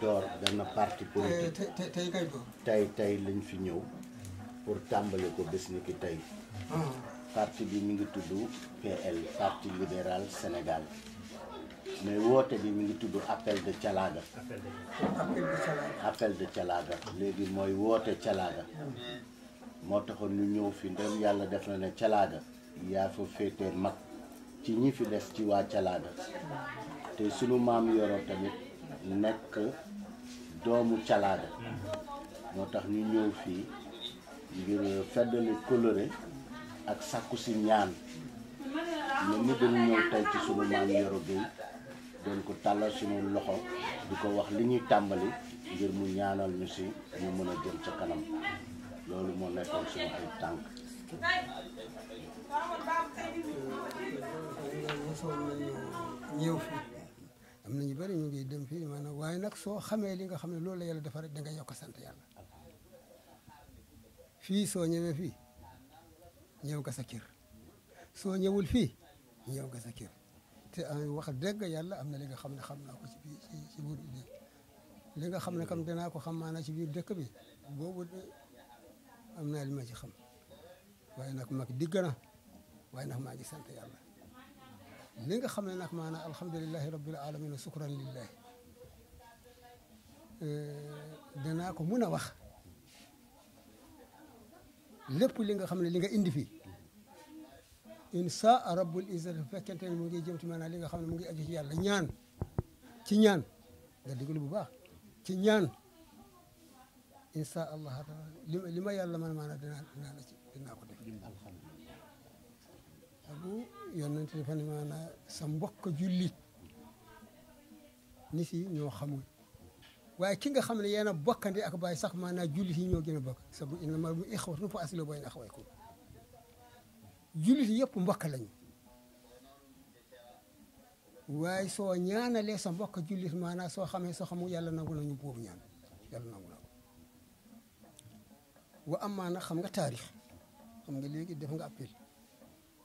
door benn parti politique tey kay tey tey lañ fi ñëw pour tàmbali ko bés ni tey ah. parti bi mu ngi tudd PL parti libéral senegal mais woote bi mi ngi tudd appel de Thialaga appel de Thialaga léegi mooy woote Thialaga moo taxoon ñu ñëw fi ndem yàlla def na ne Thialaga yaa fa féetee mag ci ñi fi des ci waa Thialaga te sunu maam yore tamit nekk doomu calaada moo tax ñu ñëw fii ngir feddali coloré ak sàkku si ñaan ñun ñu dañu ñëw tey ci sunu maam Yoro Gueye doon ko tàllal sunu loxo di ko wax li ñuy tàmbali ngir mu ñaanal ñu si mu mën a jëm ca kanam loolu moo nekkoon sunu ay tànk. am na ñu bëri ñu ngi dem fii maanaam waaye nag soo xamee li nga xam ne loolu la yàlla dafa rek da nga yokk sant yàlla fii soo ñëwee fii ñëw nga sa kër soo ñëwul fii ñëw nga sa kër te wax dëgg yàlla am na li nga xam ne xam naa ko ci biir ci biir li nga xam ne kam danaa ko xam ci biir dëkk bi boobu am naa li ma ci xam waaye nag mag digg na waaye nag maa ngi sant yàlla li nga xam ne nag maanaam alhamdulilahi rabbil alamin sukran lillahi euh, danaa ko mun a wax lépp li nga xam ne li nga indi fi insa rabbul izzati bu fekkente ne mu ngi jëm ci maanaam li nga xam ne mu ngi aju ci yàlla ñaan ci ñaan nga déglu bu baax ci ñaan insa allah li ma yàlla man maanaam dinaa dinaa la yonent dafa ne maanaam sa mbokk jullit ni si ñoo xamul waaye ki nga xam ne yéen a bokkandi ak bàyyi sax maanaam jullit yi ñoo gën a bokk sa bu inna mal mu ixwatun fa aslihu bayna axawaykum jullit yëpp mbokk lañu waaye soo ñaanalee sa mbokk jullit maanaam soo xamee soo xamul yàlla nangu nañu boobu ñaan yàlla na ko wa amaana xam nga taarix xam nga léegi def nga appel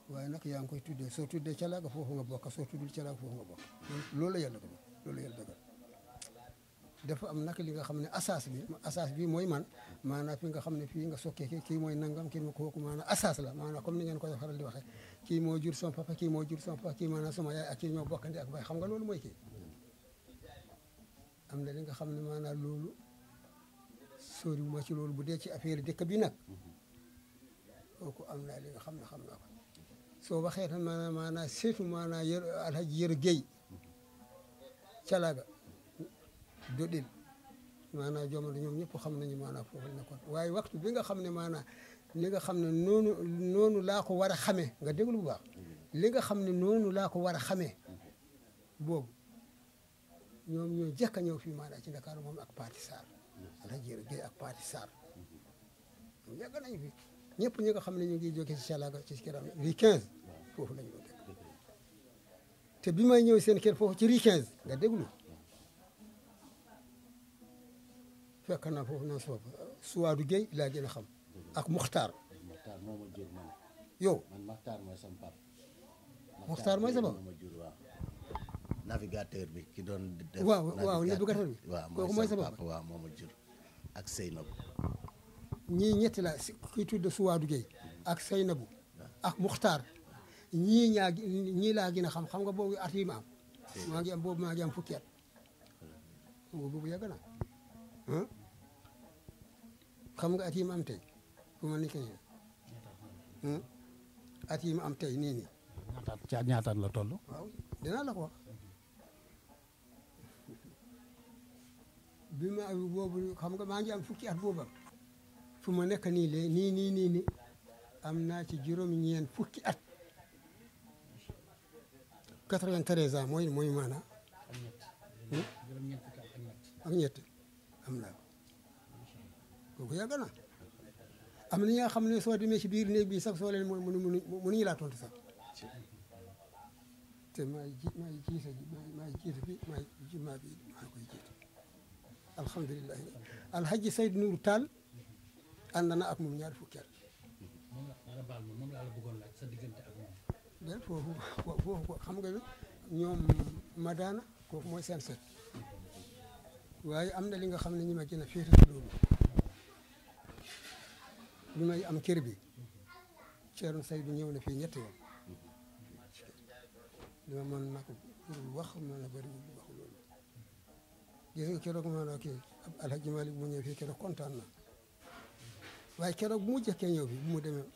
waaye nag yaa ngi koy tuddee soo tuddee calaaga foofu nga bokk soo tuddul calaaga foofu nga bokk loolu la yàlla dogal loolu la am nak li nga xam ne asaas bi asaas bi mooy man maanaam fi nga xam ne fii nga sokkee kii kii mooy nangam kii ma kooku maanaam asaas la maanaam comme ni ngeen koy faral di waxee kii moo jur sama papa kii moo jur sama papa kii maanaam sama yaay ak kii ñoo bokkandi ak bay xam nga loolu mooy kii am na li nga xam ne maanaam loolu sóoriwuma ci loolu bu dee ci affaire dëkk bi nag mm-hmm. kooku am soo waxee tan maanaam maanaam surtout maanaam yer alhaji yero gueyi calaga doɗin maanaam jomata ñoom ñëpp xam nañu maanaam foofu la nekkoon waaye waxtu bi nga xam ne maanaam li nga xam ne noonu noonu laa ko war a xamee nga déglu bu baax nga xam ni noonu laa ko war a xamee boobu ñoom ñoo jëkk a ñëw fii maanaam ci Dakar moom ak Paati Sarr alhaji yero gueyi ak Paati Sarr yàgg nañu fi ñëpp ñi nga xam ne ñu ngi jóge ci Calaga ci kiram bi foofu la ñu doon dëkk te bi may ñëw seen kër foofu ci rue 15 nga déglu fekk naa foofu na soob Suwaadu Gueye laa gën a xam ak Muxtaar yow man Muxtaar mooy sama papa Muxtaar mooy sama navigateur bi ki doon def waaw waaw navigateur bi waaw kooku mooy sama papa waaw moo ma jur ak Seynabou ñii ñetti la ki tudd Suwaadu Gueye ak Seynabou ak Muxtaar ñii ñaa ñii laa gën a xam xam nga boobu at yi am. Hmm. maa am boobu maa ngi am fukki at xam hmm. nga boobu yàgg na hmm? xam nga at yi ma am tey ku ma nekk nii at yi am tey nii nii. la toll. waaw dinaa la ko wax bi ma boobu am nekk nii lee nii am naa ci juróom-ñeent fukki at. 93 ans mooy mooy maanaam. Hmm? Hmm? ak ñett am naa ko kooku yàgg na am na ñi nga xam ne soo demee ci biir néeg bi sax soo leen mën mënu mënuñu laa tontu sax te maa ji maa ji jiite maa ji jiite bi maa ji maa bi maa koy jiite alhamdulilah. alhaji Seydou Nour Tall ànd na ak moom ñaari fukki moom la bëggoon laaj sa diggante ba foofu foofu xam nga ñoom madaana kooku mooy seen set am na li nga xam ne ñi ma gën a féete loolu bi may am kër bi Thierno Seydou ñëw na fii ñetti yoon dama mën na ko wax mën na bëri wax loolu gis nga keroog ma ne kii Alhaji Malick mu ñëw fii kontaan na waaye keroog bu mu jëkkee ñëw mu demee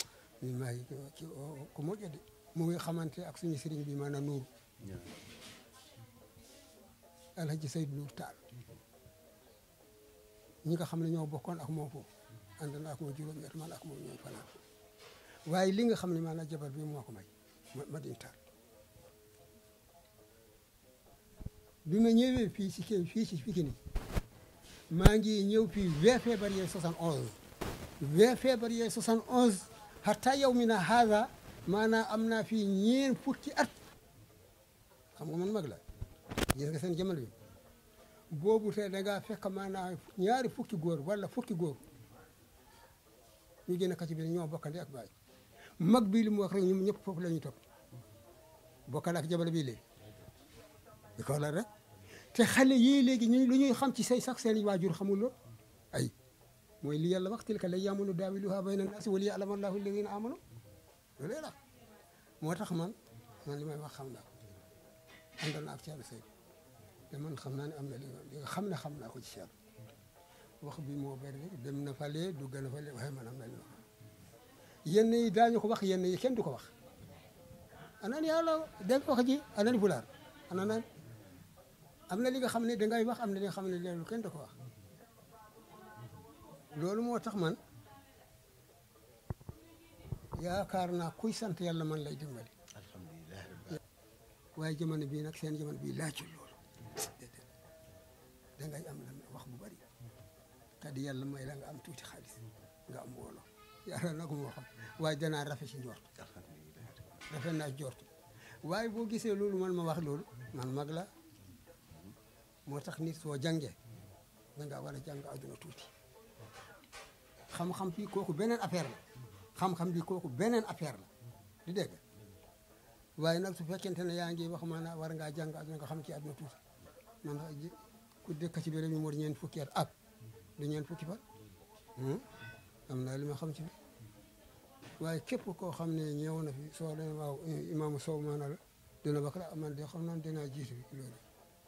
ñun maa ko moo jëndee mu ngi xamante ak suñu sëriñ bi maanaam nuur alhaji Seydou Nour Tall ñi nga xam ne ñoo bokkoon ak moom foofu ànd ak moom juróom-ñett man ak waaye li nga xam ne maanaam jabar bi moo ko may Madine Tall bi ma ñëwee fii ci kenn fii ci Pikine maa ngi ñëw fii 20 février 71 20 février 71 hatta yow mi na haada maanaam am naa fii ñeen fukki at xam nga man mag la gis nga seen jamono bi boobu tey da ngaa fekk maanaam ñaari fukki góor wala fukki góor ñu génn kàcc bi ñoo bokkandi ak baay mag li mu wax rek ñëpp foofu la ñuy topp bokkal ak jamono bii léegi di ko waral rek te xale yii léegi ñu lu ñuy xam ci say sax seen waajur xamul lool ay mooy li yàlla wax tilka la yaamunu daawiluha bayna naasi wa li ya'lama allahu alladina amanu lu lee moo tax man man li may wax xam naa ko àndal naa ak Thierno Seydou te xam naa ne am na li nga xam ne xam naa ko ci Thierno wax bi moo bëri dem na fale dugg na fale waaye man am na li yenn yi daañu ko wax yenn yi kenn du ko wax anan yàlla def wax ji anan fulaar ana naan am na li nga xam ne dangay wax am na li nga xam ne loolu kenn du ko loolu moo tax man yaakaar naa kuy sant yàlla man lay dimbali. alhamdulilah waaye jamono bii nag seen jamono bii laajul loolu. déedéet ngay am lan wax bu bari. te yàlla may la nga am tuuti xaalis nga am wóolo yàlla nag moo xam waaye danaa rafet ci njort. rafet naa njort waaye boo gisee loolu man ma wax loolu man mag la moo tax nit soo jàngee da ngaa war a jàng adduna tuuti xam-xam fii kooku beneen affaire la. xam-xam bi kooku beneen affaire la di dégg waaye nag su fekkente ne yaa ngi wax maanaam war ngaa jàng àdduna nga xam ci na tuuti man ku dëkk ci biir mi mu ñeen fukki at ak ah, du ñeen fukki fan hmm? am na li ma xam ci waaye képp koo xam ne ñëw na fi soo leen waaw imaamu Sow maanaam la dina wax la man de xam naa dinaa jiitu loolu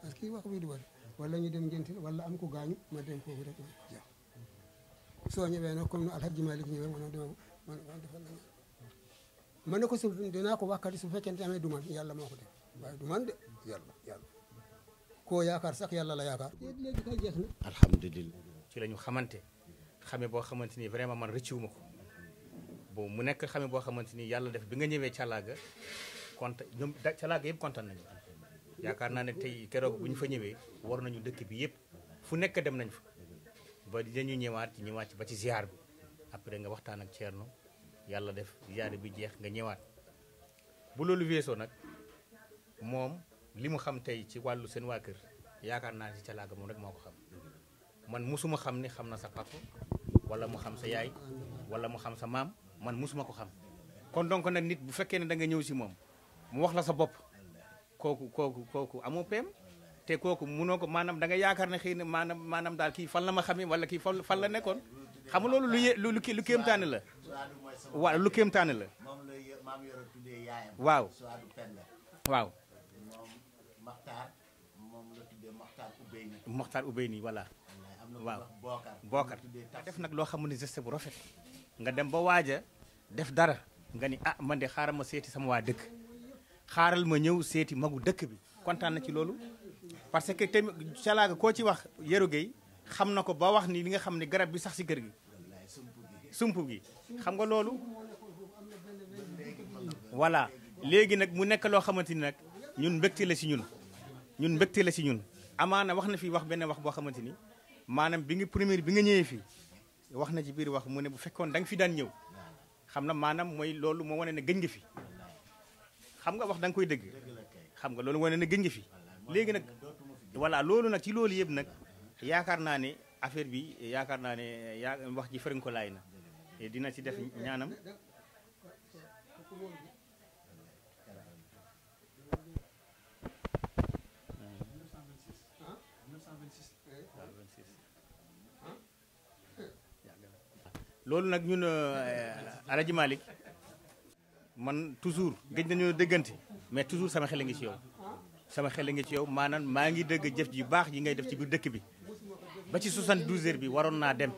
parce que wax bi du bari wala ñu dem ngénte wala am ku gaañu ma dem foofu rek ma jeex soo ñëwee nag comme ni Alhaji Malick ñëwee ma ne man waaw ne ko su dinaa ko waxkat su fekkente amee du man yàlla moo ko def waaye du man de koo yaakaar sax yàlla la yaakaar. léegi kay ci lañu xamante xame boo xamante ni vraiment man rëcciwu ma ko mu nekk xame boo xamante ni yàlla def bi nga ñëwee Càllaaga kont ñoom Càllaaga yëpp kontaan nañu yaakaar naa ne tey keroog bu ñu fa ñëwee war nañu dëkk bi yëpp fu nekk dem nañ fa ba dañu ñëwaat ñëwaat ba ci ziar bi. après nga waxtaan ak Thierno yàlla def ziyaare bi jeex nga ñëwaat bu loolu weesoo nag moom li mu xam tey ci wàllu seen waa kër yaakaar naa ci calaaga moom rek moo ko xam man musuma xam ni xam na sa papa wala mu xam sa yaay wala mu xam sa maam man musuma ko xam kon donk nag nit bu fekkee ne da nga ñëw si moom mu wax la sa bopp kooku kooku kooku amoo peem te kooku munoo ko maanaam da yaakaar ne xëy na maanaam maanaam daal kii fan la ma xamee wala la nekkoon xam nga loolu lu ye lu lu kéemtaane la. waaw lu kéemtaane la. waaw. waaw. Moxtaar Ubeyni voilà. waaw bookar def nag loo xam ne geste bu rafet. nga dem ba waaja def dara. nga ni ah man de xaaral ma seeti sama waa dëkk. xaaral ma ñëw seeti magu dëkk bi kontaan na ci loolu. parce que tamit calaaga koo ci wax Yero Gueye xam na ko ba wax nii li nga xam ne garab bi sax si kër gi sump gi xam nga loolu voilà léegi nag mu nekk loo xamante ni nag ñun mbégte la si ñun ñun mbégte la si ñun amaana wax na fi wax benn wax boo xamante ni maanaam bi nga première bi nga ñëwee fii wax na ci biir wax mu ne bu fekkoon da nga fi daan ñëw xam na maanaam mooy loolu moo wane ne gëj nga fi xam nga wax da nga koy dëgg xam nga loolu wane na gëj nga fi léegi nag voilà loolu nag ci loolu yëpp nag yaakaar naa ne affaire bi yaakaar naa ne yaa wax ji fëriñ ko laay na dina si def ñaanam loolu nag ñun euh, Alaji Malick man toujours gëj nañoo dëggante mais toujours sama xel a ngi ci yow sama xel ngi ci yow maanaam maa ngi dëgg jëf ji baax yi ngay def ci biir dëkk bi ba ci 72 heures bi waroon naa dem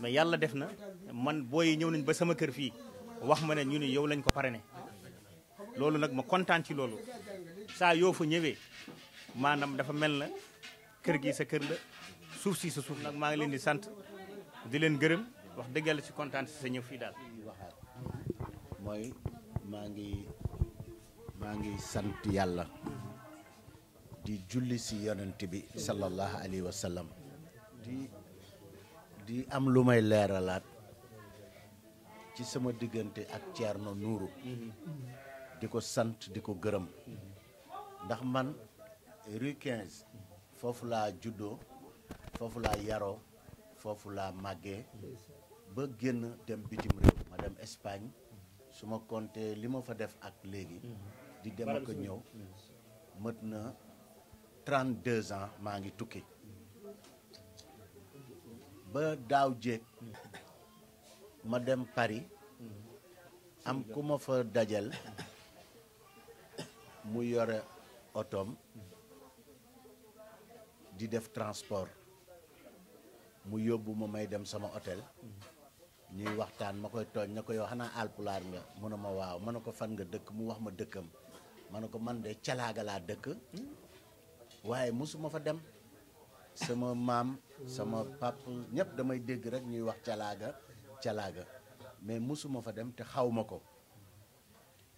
ma yàlla def na man booy ñëw nañ ba sama kër fii wax ma ne ñu ne yow lañ ko pare ne loolu nag ma kontaan ci loolu saa yoo fa ñëwee maanaam dafa mel na kër gi sa kër suuf si sa suuf nag maa ngi leen di sant di leen gërëm wax dëgg ci kontaan si sa ñëw fii daal. mooy maa ngi maa ngi sant yàlla di julli si yonent bi sallallahu alayhi wa sallam. di am lu may leeralaat ci sama diggante ak Thierno Nourou di ko sant di ko gërëm ndax man rue foofu laa juddoo foofu laa yaro foofu laa màggee ba génn dem bitim réew ma dem Espagne su ma compté li ma fa def ak léegi di dem ak ñëw mët na 32 ans maa ngi tukki ba daw jéeg ma dem Paris am ku ma fa dajal mu yore di def transport mu yóbbu ma may dem sama hôtel ñuy waxtaan ma koy tooñ na ko yow xanaa alpulaar nga mu ne ma waaw ma ko fan nga dëkk mu wax ma dëkkam ma ne ko man de calaaga laa dëkk waaye musuma fa dem sama maam sama pap ñëpp damay dégg rek ñuy wax calaaga calaaga mais mosuma fa dem te xaw ma ko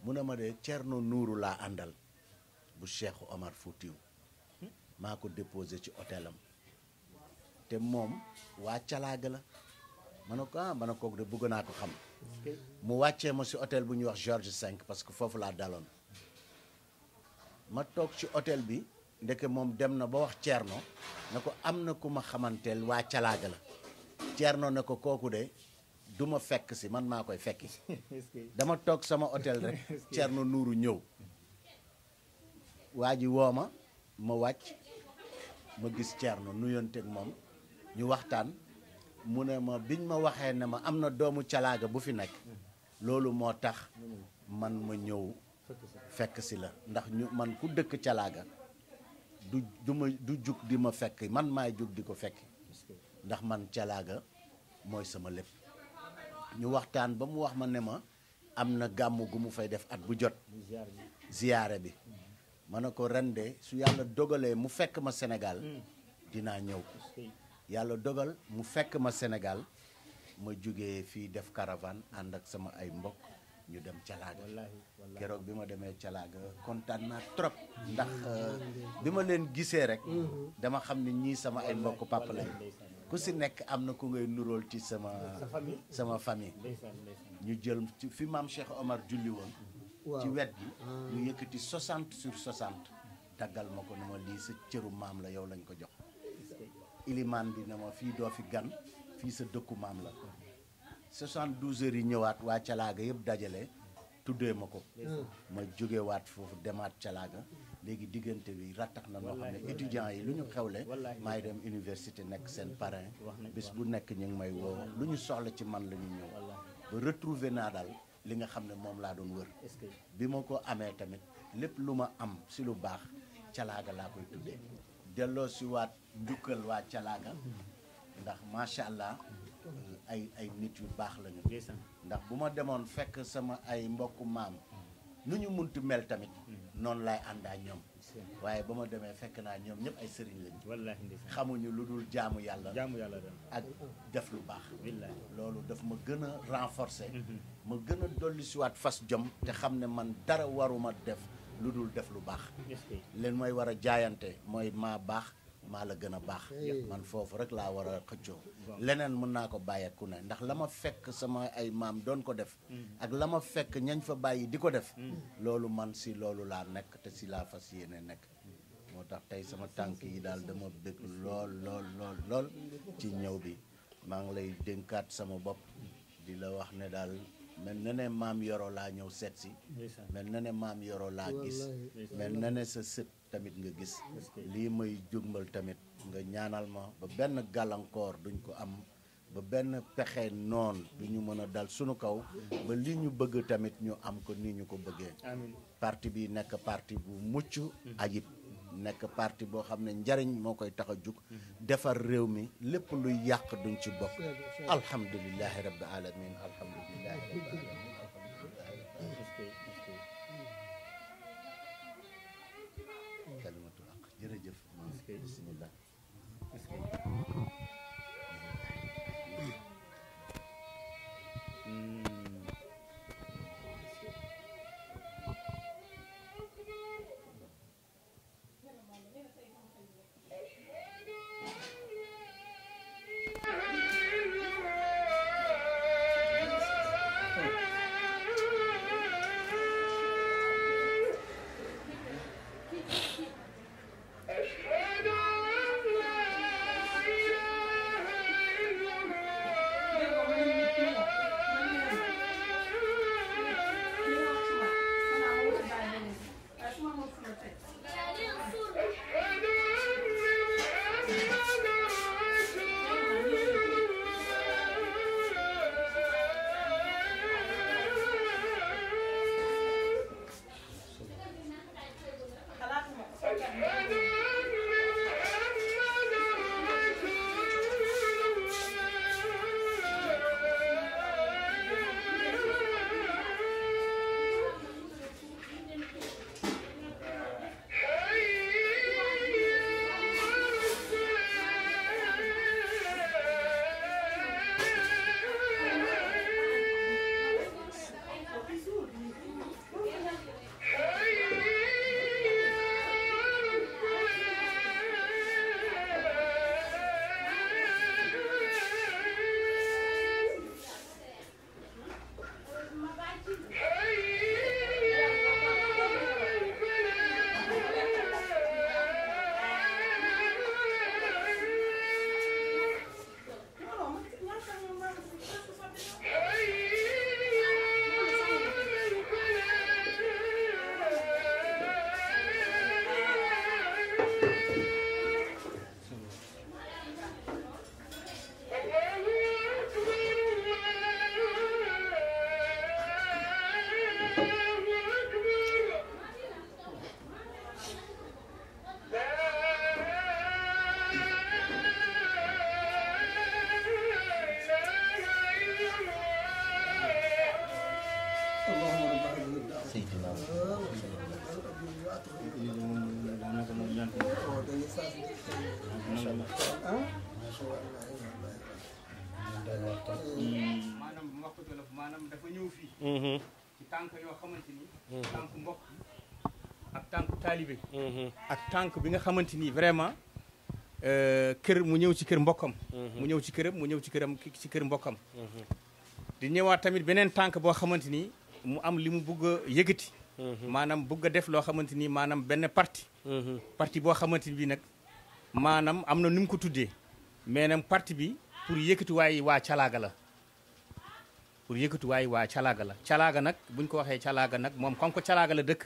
mun ne ma de Cerno Nuuru laa àndal bu Cheikh Omar Foutiou maa ko déposé ci hôtelam te moom waa calaaga la man ne ko ah ma ne kooku de bëgg naa ko xam mu wàccee ma si hôtel bu ñuy wax George V parce que foofu laa daloon ma toog ci hôtel bi ndeke moom dem na ba wax ceer Thierno ne ko am na ku ma xamanteel waa calaaga la Thierno ne ko kooku de duma fekk si man maa koy fekki dama toog sama hôtel ceer Thierno Nuuru ñëw waa ji woo ma ma wàcc ma gis Thierno nuyonteeg moom ñu waxtaan mu ne ma biñ ma waxee ne ma am na doomu calaaga bu fi nekk loolu moo tax mm. man ma ñëw fekk si la ndax ñu man ku dëkk calaaga du du ma du jug di ma fekk man maay jug di ko fekk ndax man calaaga mooy sama lépp ñu waxtaan ba mu wax ma ne ma am na gàmm gu mu fay def at bu jot ziyaare bi ma ne ko ren de su yàlla dogalee mu fekk ma Sénégal dinaa ñëw yàlla dogal mu fekk ma Sénégal ma jógee fii def caravane ànd ak sama ay mbokk ñu dem calaaga kérok bima démé demee calaaga kontaan naa trop ndax euh, bima len gissé rek mhm. dama xamni ñi sama ay mbokk papa lañ ku ci nek amna ku ngay nuróol ci sama sama famille ñu jël ci fi mam Cheikh Omar julli won ci wet bi ah. ñu yëkëti 60 sur 60 dagal mako ko li ma lii sa cëru maam la yow lañ ko jox iliman bi ne ma fii fi gan fi sa dëkku la 72 heures yi ñëwaat waa calaaga yëpp dajale tuddee ma ko mm. ma jógewaat foofu demaat calaaga léegi diggante bi rattax na noo xam ne étudiants yi lu ñu xewle maay dem université nekk seen mm. parrain bis bu nekk ñu ngi may woo lu ñu soxla ci man la ñu ñëw ba retrouver naa daal li nga xam ne moom laa doon wër bi ma ko amee tamit lépp lu ma am si lu baax calaaga laa koy tuddee delloo si waat njukkal waa calaaga mm. ndax macha allah ay ay nit yu baax lañu ndax bu ma demoon fekk sama ay mbokku maam nu ñu munti mel tamit mm-hmm. noonu laay àndaa ñoom waaye ba ma demee fekk naa ñoom ñëpp ay sëriñ lañ xamuñu lu dul jaamu yàlla ak def lu baax loolu daf ma gën a renforcer mm-hmm. ma gën a dolli fas jom te mm-hmm. xam ne man dara waruma def lu dul def lu baax leen mooy war a jaayante mooy maa baax maa la gën a baax man foofu rek laa war a xëccoo leneen mën naa ko bàyyi ku ndax la ma fekk sama ay maam doon ko def mm. ak la ma fekk ñañ fa bàyyi di ko def mm. loolu man si loolu laa nekk te si laa fas yéene nekk moo tax tey sama tànk yi daal dama bëgg lool lool lool lool ci ñëw bi maa ngi lay dénkaat sama bopp di la wax ne daal mel na ne maam yoro laa ñëw seet si mel na ne maam yoro laa gis mel na ne sa sët tamit nga gis lii may jugmal tamit nga ñaanal ma ba benn gàllankoor duñ ko am ba benn pexe noon du ñu mën a dal suñu kaw ba li ñu bëgg tamit ñu am ko ni ñu ko bëggee parti bi nekk parti bu mucc ayib nekk parti boo xam ne njariñ moo koy tax a jug defar réew mi lépp luy yàq duñ ci bokk alhamdulilahi rabbi alamin alhamdulilahi taalibe mm-hmm. ak tànk bi nga xamante ni vraiment euh, kër mu ñëw ci kër mbokkam mm-hmm. mu ñëw ci këram mu ñëw ci këram ci kër mbokkam mm-hmm. di ñëwaat tamit beneen tànk boo xamante ni mu am li mu bugg a yëkkati maanaam bugg a def loo xamante ni maanaam benn parti parti boo xamante ni bi nag maanaam am na nu mu ko tuddee mais parti bi pour yëkkati waay waa calaaga la pour yëkkati waay waa calaaga la calaaga nag buñ ko waxee calaaga nag moom comme que calaaga la dëkk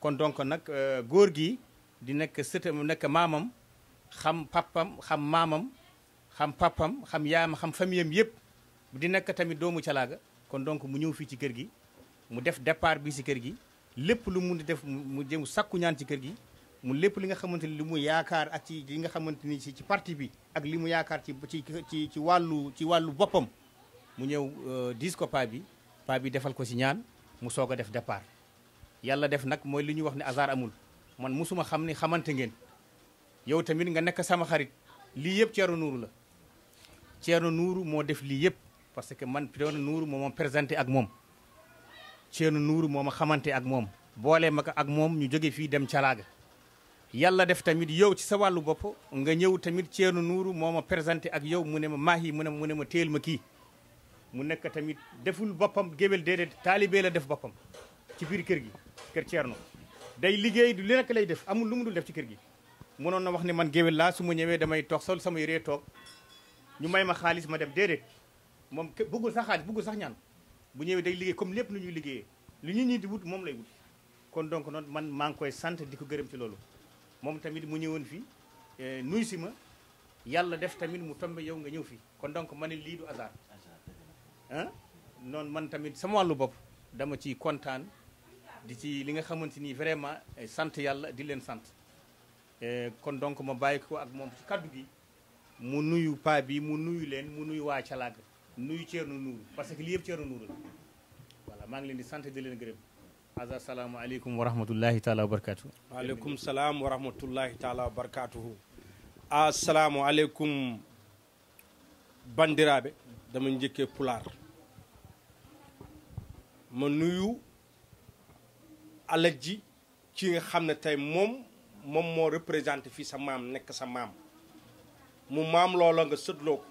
kon donc nag euh, góor gi di nekk mu nekk maamam xam pappam xam maamam xam papam xam yaam xam famiyam yëpp di nekk tamit doomu calaaga kon donc mu ñëw fii ci kër gi mu def départ bi ci kër gi lépp lu mun mu def mu jëm sakku ñaan ci kër gi mu lépp li nga xamante ni li mu yaakaar ak ci li nga xamante ni ci ci parti bi ak li mu yaakaar ci ci ci ci wàllu ci wàllu boppam mu ñëw euh, diis ko paa bi paa bi defal ko ci ñaan mu soog a def départ yàlla def nag mooy li ñuy wax ne hasard amul man mosuma xam ni xamante ngeen yow tamit nga nekk sama xarit lii yëpp Thierno Nourou la Thierno Nourou moo def lii yëpp parce que man Thierno Nourou moo ma présenté ak moom Thierno Nourou moo ma xamante ak moom boolee ma ko ak moom ñu jóge fii dem Calaaga yàlla def tamit yow ci sa wàllu bopp nga ñëw tamit Thierno nuuru moo ma présenté ak yow mu ne ma maahi mu ne ma mu ne ma téel ma kii mu nekk tamit deful boppam géwél déedéet taalibe la def boppam ci biir kër gi kër Thierno day liggéey du li nekk lay def amul lu mu dul def ci kër gi mënon na wax ne man géwél la su ma damay tok sol sama yéré tok ñu may ma xaaliss ma def dédé mom bëggul sax xaaliss bëggul sax ñaan bu ñëwé day liggéey comme lépp lu ñuy liggéeyee lu ñi ñi di wut mom lay wut kon donc non man ma ng koy sant di ko gërëm ci loolu mom tamit mu ñëwoon fi e, nuy si ma def tamit mu tombe yow nga ñëw fi kon donc li du hasard hein non man tamit sama walu bop dama ci contane di ci li nga xamante ni vraiment eh, sant yàlla di leen sant eh, kon donc ma bàyyi ko ak moom ci kaddu gi mu nuyu paa bi mu nuyu leen mu nuyu waa Calaag nuyu Thierno Nour parce que lii yëpp nu Nour la voilà maa ngi leen di sant di leen gërëm asa salaamaaleykum wa rahmatullahi taala wa barakaatu waaleykum salaam wa rahmatullahi taala wa barakaatuhu asalaamualeykum bandiraɓe dama njëkkee pulaar ma nuyu alal ji ci nga xam ne tey moom moom moo représenté fii sa maam nekk sa maam mu maam loola nga sëtloo ko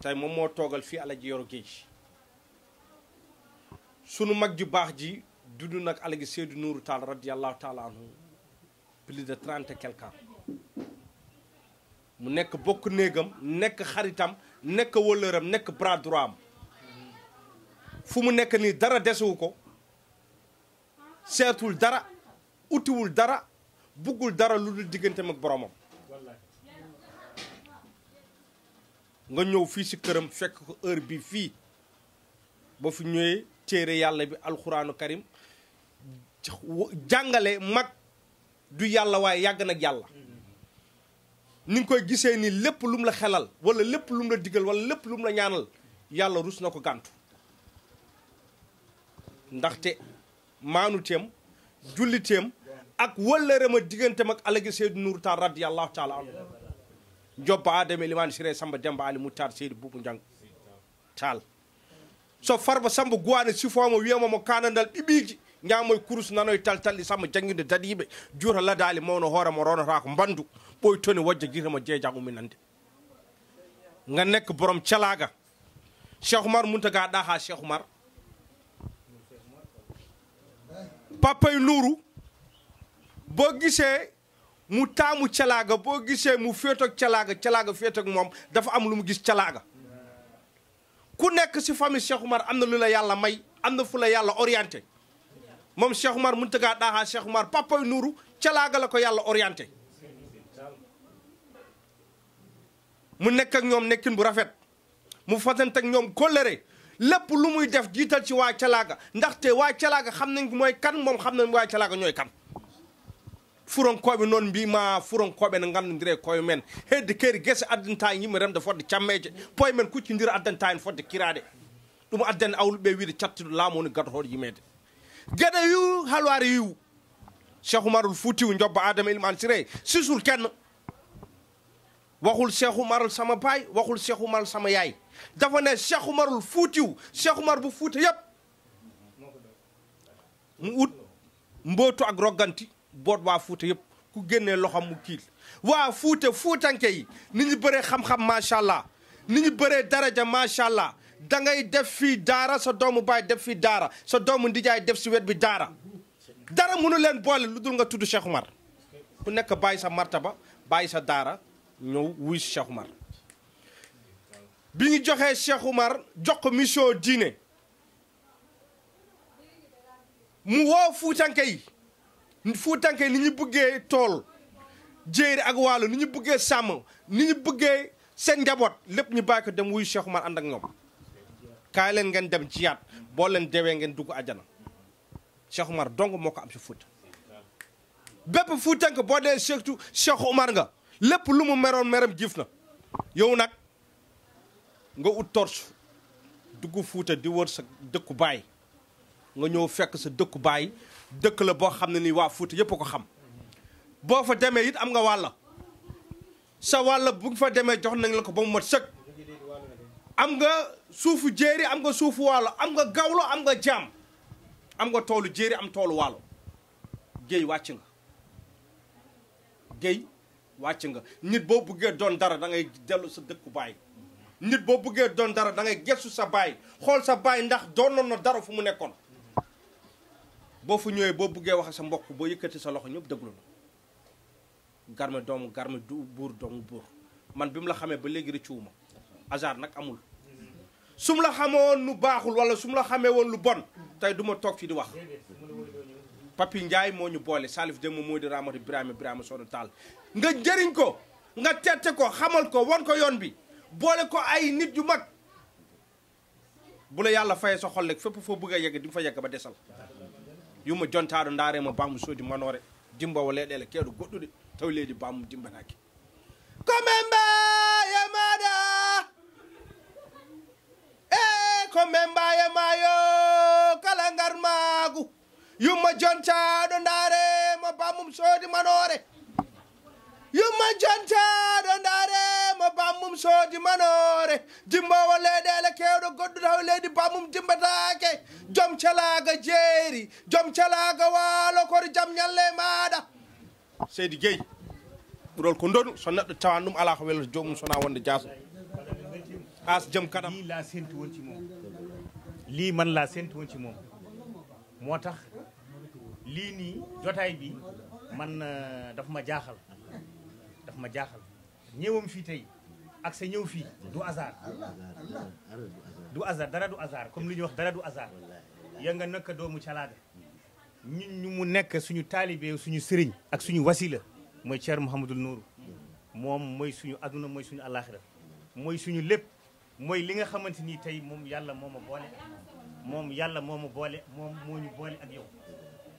tey moom moo toogal fii alal ji yoru géej sunu mag ju baax ji du dund nag alal ji Seydou Nourou Tall radiallahu taala plus de trente et mu nekk bokk néegam nekk xaritam nekk wëllëram nekk bras droit am fu mu nekk nii dara desewu ko seetul dara utiwul dara buggul dara lu dul digganteem ak boromam nga ñëw fii si këram fekk ko heure bi fii ba fi ñëwee téere yàlla bi alxuraanu karim jàngale mag du yàlla waaye yàgg nag yàlla ni koy gisee ni lépp lum la xelal wala lépp lum la digal wala lépp lum la ñaanal yàlla rus na ko gàntu ndaxte maanuteem julliteem ak wëllëreem a digganteem ak alaji Seydou Nourou Tall radiyallahu taala anhu jobba adama elimani siré samba demba ali moutar seydi bubu jang tal so farba samba Sifoma sifomo mo kanandal ɗiɓiji ñamoye kurus nanoye taltalɗi samma jangguinde daɗiɓe juuta ladali mawno hooremo ronata ko mbandu ɓoy toni wojja guitamo jeeja Nga nekk borom calaga cheikh oumar muntaga ɗa ha cheikh Umar. papay nuuru boo gisee mu taamu calaaga boo gisee mu féet ak calaaga calaaga féet ak moom dafa am lu mu gis calaaga ku nekk si famille Cheikh Oumar am na lu la yàlla may am na fu la yàlla orienté moom Cheikh Oumar Mountaga Daha Cheikh Oumar papay nuuru calaaga la ko yàlla orienté mu nekk ak ñoom nekkin bu rafet mu fasante ak ñoom kóllëre lépp lu muy def jiital ci waa calaaga ndaxte waa calaaga xam nañ mooy kan moom xam nañ waa calaaga ñooy kan furankoɓe noon mbima furankoɓe ne gandodiri e koye men hedde keeri guese addanta yimɓe remde fodde cammeje poye men kuccidira addanta en fodde kirade ɗum addani awluɓe wiide cattuɗo laamu woni gadotoɗo yimede gueɗe wiw halware wiw cheikh oumarul foutiw jobba adam ilman siré Sisul kenno waxul Cheikh Oumar sama baay waxul Cheikh Oumar sama yaay dafa ne Cheikh Oumarul fuutiw Cheikh bu fuuta yépp mu ut mbootu ak rogganti boot waa fuuta yëpp ku génnee loxo mu kiil waa fuute fuutanke yi ni ñu bëree xam-xam macha allah ni ñu bëree daraja macha allah da ngay def fii daara sa doomu baay def fi daara sa doomu ndijaay def si wet bi daara dara mënu leen boole lu dul nga tudd Cheikh Oumar ku nekk bàyyi sa martaba bàyyi sa daara ñëw wuy Cheikh Oumar bi ñu joxee Cheikh Oumar jox ko mission diine mu woo fuutanke yi fuutanke yi ni ñu bëggee tool jéeri ak waalo ni ñu bëggee sàmm ni ñu bëggee seen njaboot lépp ñu bàyyi ko dem wuy Cheikh Oumar ak ñoom kaay leen ngeen dem ci yaat boo leen dewee ngeen dugg àjjana Cheikh Oumar dong moo ko am si Fuuta bépp fuutanke boo dee surtout Cheikh Oumar nga lépp lu mu meroon meram jif na yow nag nga ut torche dugg fuuta di wër sa dëkku baay nga ñëw fekk sa dëkku baay dëkk la boo xam ne nii waa fuuta yépp ko xam boo fa demee it am nga wàlla sa wàlla bu fa demee jox nañ la ko ba mu mat sëkk am nga suufu jéeri am nga suufu waalo am nga gawlo am nga jaam am nga toolu jéeri am toolu waalo géey wàcc nga géey wacc nga nit bo bëggee doon dara da ngay delu sa don baay nit bo sabai, doon dara da ngay gessu sa baay xol sa baay ndax doonoon na dara fu mu nekkon bo fu ñëwé bo bëggee wax sa mbokk bo yëkëti sa loxo ñëpp na garma doomu garma du bur doomu bur, man bimu la xamé ba légui rëccuuma hasard nak amul sumla la xamoon lu baaxul wala sum la xamé won lu bon tay duma tok fi di wax papi ndjay moñu bolé Salif Demba moo di Ramar ibrahim Ibrahima tal. nga jëriñ ko nga tette ko xamal ko won ko yoon bi boole ko ay nit yu mag bu la yàlla fayee sa xol rek fépp foo bëgg a yegg di fa yegg ba desal yu ma jontaaɗo ndaarema baamu soodi manoore dimbawa leyɗele keeɗo goɗɗuɗe taw leydi baamu dimbanaaki komi soodi manoore yumma cancaɗo ndaare mo bammum soodi manore dimbowo leyɗele kewɗo goɗɗude haw leydi bammum dimbatake joom calaga jeeri joom calaga waalo koto jaam ñalle maɗa seydi gueyi ɓurol ko ndonu so neɗɗo tawan ɗum ala ko welata jomum sona wonde jaaso as jaam kadam li la senti wonci mom li man la senti wonci mom moo tax lii ni jotaay bi man euh, dafa ma jaaxal ma jaaxal ñëwam fii tey ak sa ñëw fii du hasard du hasard dara du hasard comme li ñuy wax dara du hasard ya nga naka doomu calaaga ñun ñu mu nekk suñu taalibe suñu sëriñ ak suñu wasila mooy Thierno Mouhamadul nuru moom mooy suñu aduna mooy suñu àllaaxira mooy suñu lépp mooy li nga xamante ni tey moom yàlla moo ma boole moom yàlla moo ma boole moom moo ñu boole ak yow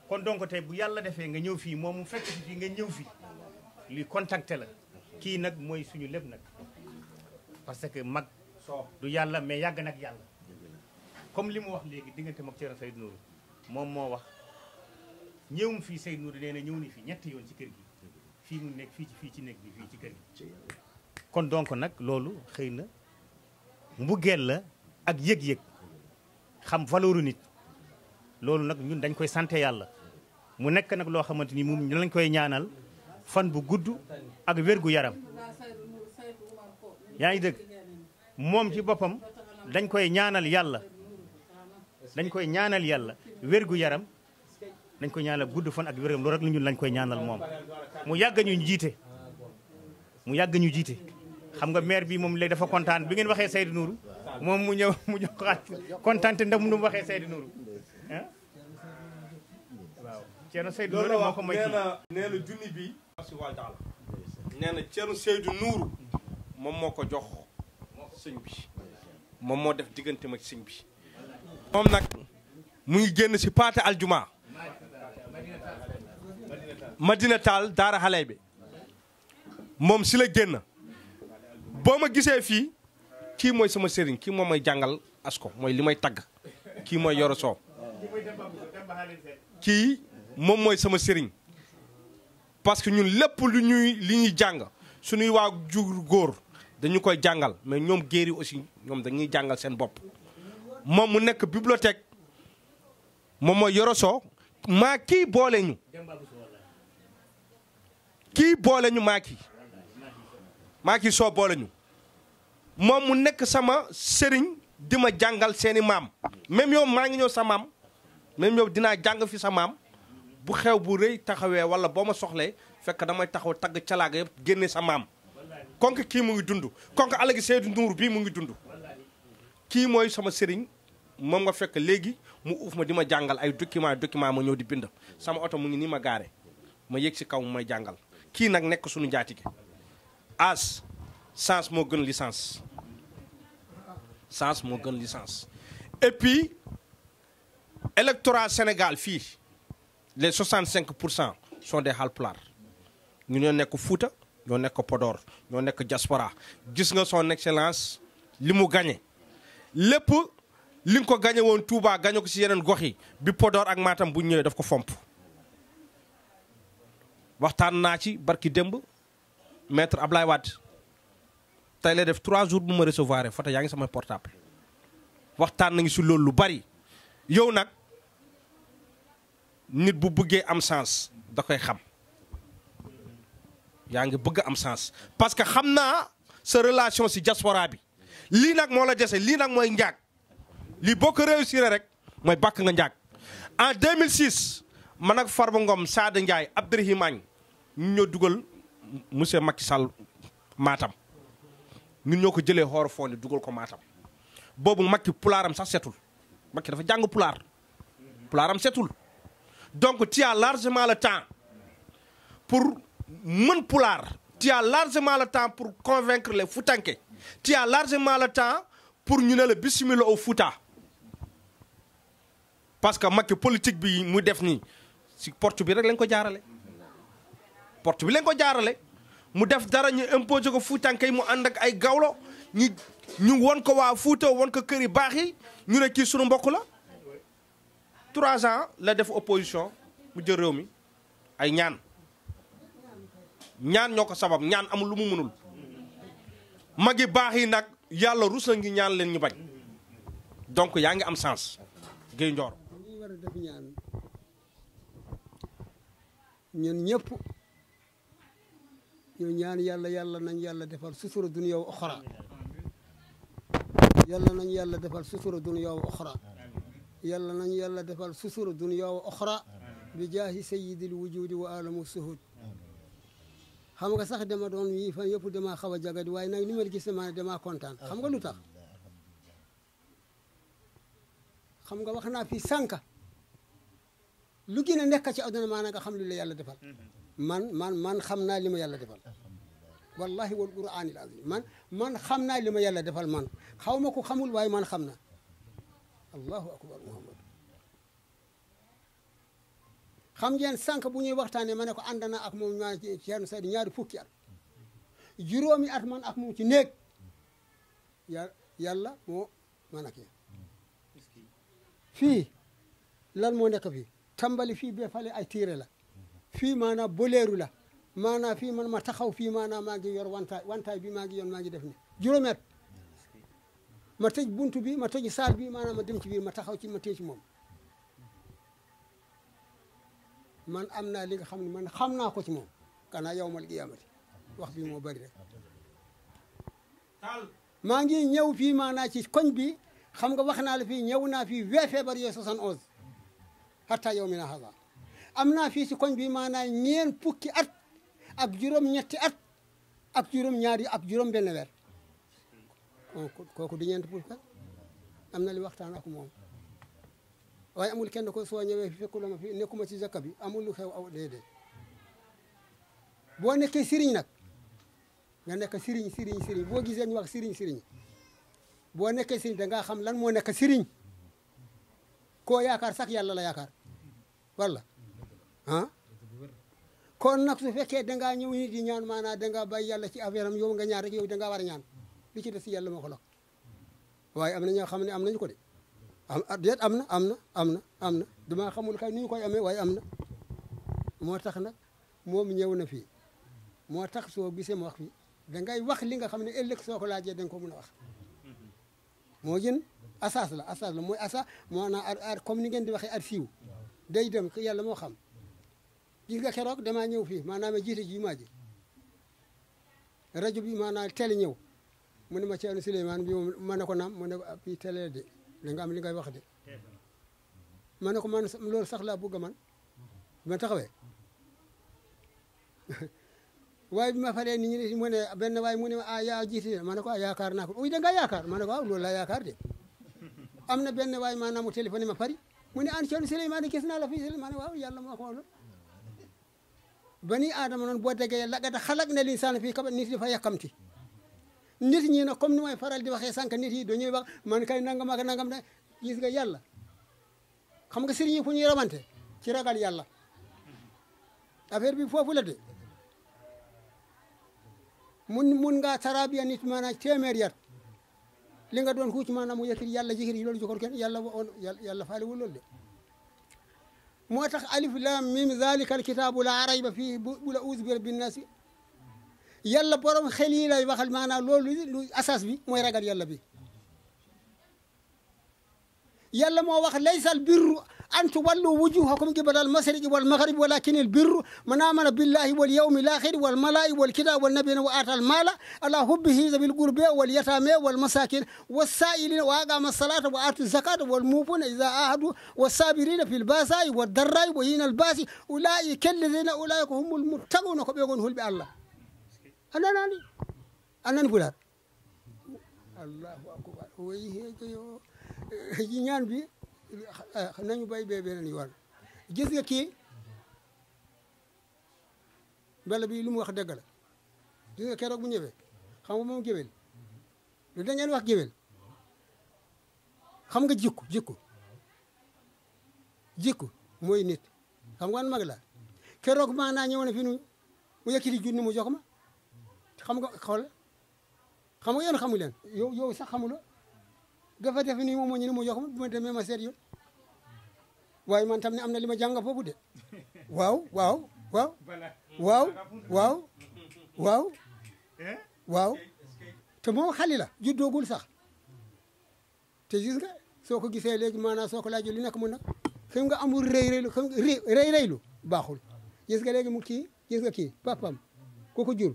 kon donc tey bu yàlla defee nga ñëw fii moom mu fekk fii nga ñëw fii luy contacté la kii nag mooy suñu lépp nag parce que mag du yàlla mais yàgg nag yàlla comme li mu wax léegi diggante mag Thierno Seydou nooru moom moo wax ñëwum fii Seydou Nourou nee na ñëw ni fii ñetti yoon ci kër gi fii mu nekk fii ci fii ci nekk bi fii ci kër gi kon donc nag loolu xëy na mbugeel la ak yëg-yëg xam valeuru nit loolu nag ñun dañ koy sant yàlla mu nekk nag loo xamante ni moom ñu lañ koy ñaanal fan bu gudd ak wér yaram yaa ngi dégg moom ci boppam dañ koy ñaanal yàlla dañ koy ñaanal yàlla wér yaram dañ koy ñaanal gudd fan ak wér-gu-yaram loolu rek lu ñun lañ koy ñaanal moom mu yàgg ñu jiite mu yàgg ñu jiite xam nga maire bi moom léegi dafa kontaan bi ngeen waxee Seydou Nourou moom mu ñëw mu ñëw kontaan te ndam nu mu waxee Seydou Nourou jàpp si Waltaal nee na Thierno Seydou Nourou moom moo ko jox sëñ bi moom moo def diggante ma sëñ bi moom nag mu ngi génn si paate aljuma Madina Taal daara xale bi moom si la génn boo ma gisee fii kii mooy sama sëriñ kii moom may jàngal asko mooy li may tagg kii mooy yoro soo kii moom mooy sama sëriñ parce que ñun lépp lu ñuy li ñuy jàng suñuy waa jur góor dañu koy jàngal mais ñoom géeri aussi ñoom dañuy jàngal seen bopp moom mu nekk bibliothèque moom mooy yorosoo maa kii boole ñu kii boole maa kii maa kii soo boole moom mu nekk sama sëriñ di ma jàngal seeni maam même yow maa ngi ñëw sa maam même yow dinaa jàng fi sa maam bu xew bu rëy taxawee wala boo ma soxlee fekk damay taxaw tagg calaaga yëpp génne sa maam konk kii mu ngi dund konk alagi Seydou Ndour bii mu ngi dund kii mooy sama sëriñ moom nga fekk léegi mu uuf ma di ma jàngal ay document document ma ñëw di bind sama oto mu ngi nii ma gaare ma yéeg si kaw mu may jàngal kii nag nekk suñu njaatige as sens moo gën licence sance moo gën licence et puis électorat senegal fii les 65 sont des Haalpulaar ñu ñoo nekk Fuuta ñoo nekk Podor ñoo nekk diaspora gis nga son excellence li gagné, gagné. Le ko ont gagné Touba gañe ko ci bi Podor ak Matam bu ko fomp barki maître Ablaye Wad. Il trois jours pour recevoir portable bari nit bu bëggé am sens da koy xam yaa ngi bëgg am sens parce que xamna naa sa relation ci diaspora bi li nak mo la jassé li nak moy njaag li bokk réussir rek moy bak nga njaag en 2006 man ak Farba Ngom Saada Ndiaye Abdourahim ñu duggal monsieur Macky Sall Matam ñun ñoko jëlé hor xoor duggal ko Matam bobu Macky pularam sax setul Macky dafa jang pular pularam setul donc tu as largement le temps pour tu as largement le temps pour convaincre les Foutanké tu as largement le temps pour nous ne le au Fouta parce que la politique bi mu def ni ci porte bi rek lañ ko jaarale porte bi ko mu def dara ñu ko Foutanké mu ay gawlo ñu ñu won ko ne trois ans la def opposition mu jël réew mi ay ñaan ñaan ñoo ko sabab ñaan amul lu mu mënul yi baax yi nag yàlla rus ngi ñaan leen ñu bañ donc yaa ngi am sens Guèye Ndioro ñun ñëpp ñoo ñaan yàlla yàlla nañ yàlla defal sutura duniya wa oxra yàlla nañ yàlla defal sutura duniya wa oxra yàlla nañ yàlla defal susura dunya wa oxra bi jaahi sayyidil wujudi wa alamu suhud xam nga sax dama doon yii fan yëpp damaa xaw a jagadi waaye nag ni ma gis ma ne kontaan xam nga lu tax xam nga wax naa fi sànka lu gën a nekk ci àdduna maa nga xam lu la yàlla defal man man man xam naa li ma yàlla defal wallahi wal quraanil man man xam naa li ma yàlla defal man xaw ko xamul waaye man xam na allahu akbar muhammadu xam ngeen sànq bu ñuy waxtaanee ma ne ko ànd naa ak moom ñaar Ceerno ñaari fukki at juróomi at man ak moom ci néeg yàlla moo man ak fii lan moo nekk fii tambali fii ba fale ay tiire la fii maanaam boleeru la maanaam fii man ma taxaw fii maanaam maa ngi yor wantaay wantaay bi maa ngi yoon maa def ne juróomi at ma tëj buntu bi ma tëj saal bi maanaam ma dem ci biir ma taxaw ci ma téye ci man am naa li nga xam man xam naa ko ci moom kanaa yawmal qiyaamati wax bi moo bari rek maa ngi ñëw fii maanaa ci koñ bi xam nga wax naa la fii ñëw naa fii wee février 71 hatta yow mi na xasa am naa fii ci koñ bi maanaa ñeen fukki at ak juróom-ñetti at ak juróom-ñaari ak juróom-benn weer kooku du ñeenti pour am na li waxtaan ak moom waaye amul kenn ko soo ñëwee fi fekkula ma fi ma ci zakka bi amul lu xew aw déedéet boo nekkee sëriñ nag nga nekk sëriñ sëriñ sëriñ boo gisee ñu wax sëriñ sëriñ boo nekkee sëriñ da ngaa xam lan moo nekk sëriñ koo yaakaar sax yàlla la yaakaar walla ah kon nag su fekkee dangaa ñëw nit di ñaan maanaa dangaa bàyyi yàlla ci affaire am yow nga ñaan rek yow dangaa war a ñaan li ci des yàlla moo ko lakk waaye am na ñoo xam ne am nañu ko de am ah, déet am na am na am na am na damaa xamul kay ni koy amee waaye am na moo tax nag moom ñëw na fii moo tax soo gisee ma wax fii da ngay wax li nga xam ne ëllëg soo ko laajee da ko mën a wax moo gën asaas la asaas la mooy asaas maanaam ar ar comme ni ngeen di waxee ar siiw day dem yàlla moo xam gis nga keroog damaa ñëw fii maanaam jiite ji maa ji rajo bi maanaam teel ñëw mu ne ma Ceerno Souleymane bi moom ma ne ko naam mu ne fii télé de da nga am li ngay wax de ma ne ko man loolu sax laa bëgg man ma taxawee waaye bi ma falee nit ñi mu ne benn waaye mu ne ah yaa jiite ma ne ko ah yaakaar naa ko uy da nga yaakaar ma ne ko waaw loolu laa yaakaar de am na benn waaye maanaam mu téléphoné ma fari mu ne an Ceerno Souleymane gis naa la fii Souleymane waaw yàlla moo xooloon bani aadama noon boo déggee lagata xalak na linsaan fii kaba nit dafa yàkkamti nit ñi nag comme ni may faral di waxee sànq nit yi dañuy wax man kay nangam ak nangam ne gis nga yàlla xam nga sëriñ yi fu ñuy ramante ci ragal yàlla affaire bi foofu la de mun mun ngaa taraabiya nit maanaam téeméer yat li nga doon xuuc maanaam mu yëkkati yàlla jikir yi loolu jokor kenn yàlla on yàlla faaliwul loolu de moo tax alif lam mim zalika alkitaabu la rayba fii bu la uus bi rabbi yàlla borom xel yi lay waxal maanaam loolu lu asas bi mooy ragal yàlla bi yàlla moo wax laysal birru an tuwallu wujuhakum qibala al-mashriqi wal maghribi walakin al-birru man amana billahi wal yawmil akhir wal mala'i wal kitabi wal nabiyina wa ata al-mala ala hubbihi dhabil qurbi wal yatami wal masakin was sa'ilina wa aqama as-salata wa atu zakata wal mufuna idha ahadu was sabirina fil basa'i wad darra'i wa hina al-basi ulaika alladhina ulaika humul muttaquna ko be gon hulbe allah ananani anani fuɗat allahu akbar woyi heejoyo heji eh, ñaan bi eh, nañu bay ɓe ɓenen yoon gis nga kii mbela bi lu mu wax dëgg la gis nga keroog bu ñëwee xam nga moom géwél lu da ngeen wax géwél xam nga jikku jikku jikku mooy nit xam nga man mag la maa naa ñëw na fi nu mu yëkkati junni mu jox xam nga xool xam nga yéen xamu yow yow sax xamula gafa def nii moom moo ñu ne ma yoo xam demee ma seet yoon waaye man tam ne am na li ma jàng foofu de waaw waaw waaw waaw waaw waaw eh? waaw te moom xali la juddoogul sax te nga soo ko gisee léegi maanaam soo ko laajee lu nekk mu nag xam nga amul rëy rëylu xam nga rëy rëylu baaxul gis nga léegi mu kii gis nga kii papam ku ko jur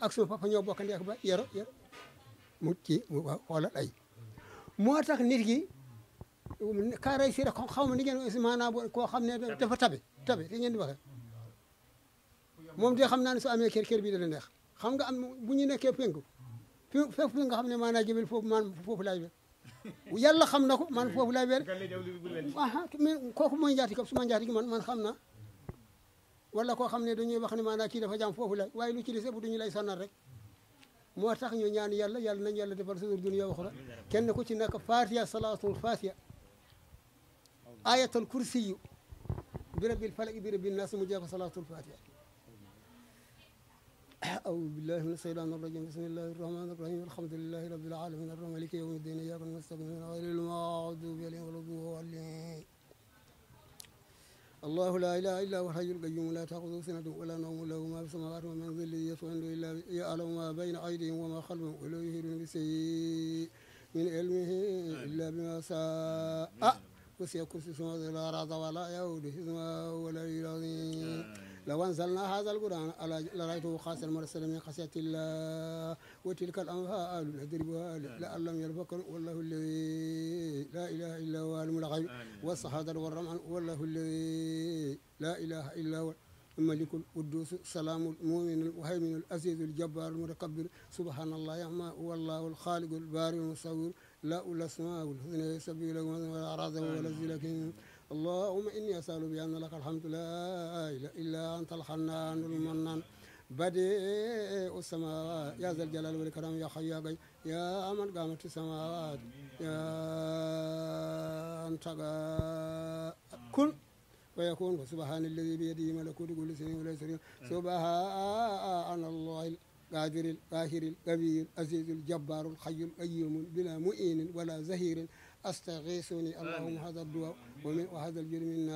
ak sunu papa ñoo bokk ndek ba yero yero mu ci xoolal ay moo tax nit ki kaara si rek xaw ma ni ngeen wax maanaam koo xam ne dafa tabe tabe li ngeen di waxee moom de xam naa ne su amee kër kër bi da ne xam nga am bu ñu nekkee penku fekk nga xam ne maanaam jëmel foofu man foofu laay weer xam na ko man foofu laay weer aha kooku mooy njaati ko su ma njaati man man xam naa wala koo xam ne dañuy wax ne maanaam kii dafa jàmm foofu la waaye lu ci des yëpp duñu lay sonal rek moo tax ñu ñaan yàlla yàlla nañu yàlla defal sudur dunya wa axira kenn ku ci nekk fatiha salaatul fatiha ayatul kursiyu bi rabbil falaq bi rabbin nas mu jeex ko salaatul fatiha أعوذ بالله من الشيطان الرجيم بسم الله الرحمن الرحيم الحمد لله رب العالمين الرحمن مالك يوم الدين إياك نستعين غير المغضوب عليهم ولا الضالين الله لا إله إلا هو الحي القيوم لا تأخذه سنة ولا نوم له ما في السماوات وما في الأرض يسعنده إلا يعلم ما بين أيديهم وما خلفهم ولا يهيرون بشيء من علمه إلا بما ساء وسيكون في سماوات الأرض ولا يؤوده حفظهما ولا العظيم لو أنزلنا هذا القرآن على لرأيته خاص المرسل من خشية الله وتلك الأنهار نضربها لعلهم يتفكرون والله الذي لا إله إلا هو عالم الغيب والشهادة والرمع والله الذي لا إله إلا هو الملك القدوس السلام المؤمن الوهيمن العزيز الجبار المتكبر سبحان الله يعمى والله الخالق البارئ المصور لا الاسماء والحسنى سبيل ولا عرض ولا زلك اللهم إني أسأل بأن لك الحمد لا إله إلا أنت الحنان المنان بديع السماء يا ذا الجلال والإكرام يا حي يا قيوم يا من قامت السماوات يا أنت كن ويكون سبحان الذي بيده ملكوت كل ولا سنين سبحان الله القادر القاهر القبير العزيز الجبار الحي القيوم بلا مؤين ولا زهير استغيثني اللهم هذا الدواء ومن وهذا الجرم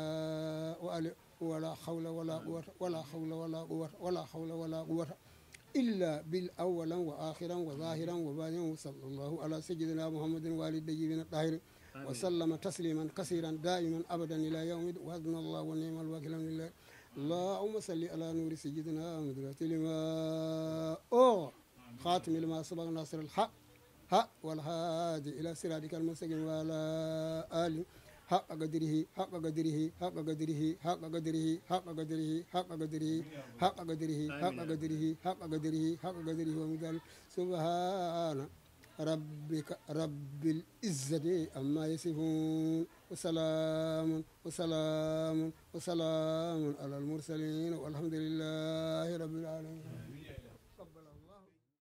وألئ ولا حول ولا قوة ولا حول ولا قوة ولا حول ولا قوة إلا بالأولا وآخرا وظاهرا وباطنا وصلى الله على سيدنا محمد والد من الطاهر وسلم تسليما كثيرا دائما أبدا إلى يوم وأذن الله ونعم الوكيل من الله اللهم صل على نور سيدنا محمد لما أو خاتم لما سبق ناصر الحق حق والهادي إلى سرادك المستقيم وعلى آله حق قدره حق قدره حق قدره حق قدره حق قدره حق قدره حق قدره حق قدره حق قدره حق قدره ومدل سبحان ربك رب العزة أما يصفون وسلام وسلام وسلام على المرسلين والحمد لله رب العالمين